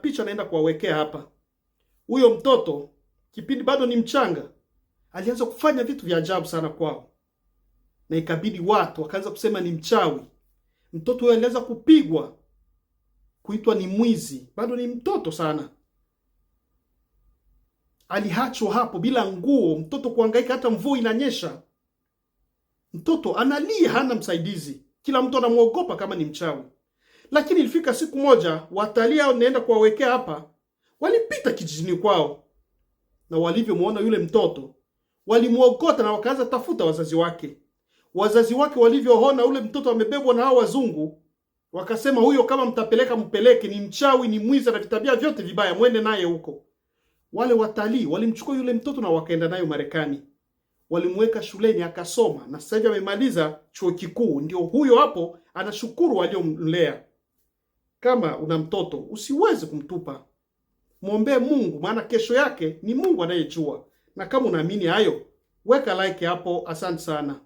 picha naenda kuwawekea hapa. Huyo mtoto kipindi bado ni mchanga, alianza kufanya vitu vya ajabu sana kwao, na ikabidi watu wakaanza kusema ni mchawi. Mtoto huyo alianza kupigwa, kuitwa ni mwizi, bado ni mtoto sana. alihachwa hapo bila nguo, mtoto kuangaika hata mvua inanyesha, mtoto analia, hana msaidizi, kila mtu anamwogopa kama ni mchawi. Lakini ilifika siku moja watalii hao naenda kuwawekea hapa, walipita kijijini kwao, na walivyomwona yule mtoto walimwogota na wakaanza tafuta wazazi wake. Wazazi wake walivyoona ule mtoto amebebwa na hao wazungu, wakasema huyo, kama mtapeleka mpeleke, ni mchawi, ni mwiza na vitabia vyote vibaya, mwende naye huko. Wale watalii walimchukua yule mtoto na wakaenda nayo Marekani, walimweka shuleni akasoma, na sasa hivi amemaliza chuo kikuu. Ndio huyo hapo anashukuru waliomlea. Kama una mtoto usiweze kumtupa, mwombee Mungu, maana kesho yake ni Mungu anayejua. Na kama unaamini hayo, weka like hapo. Asante sana.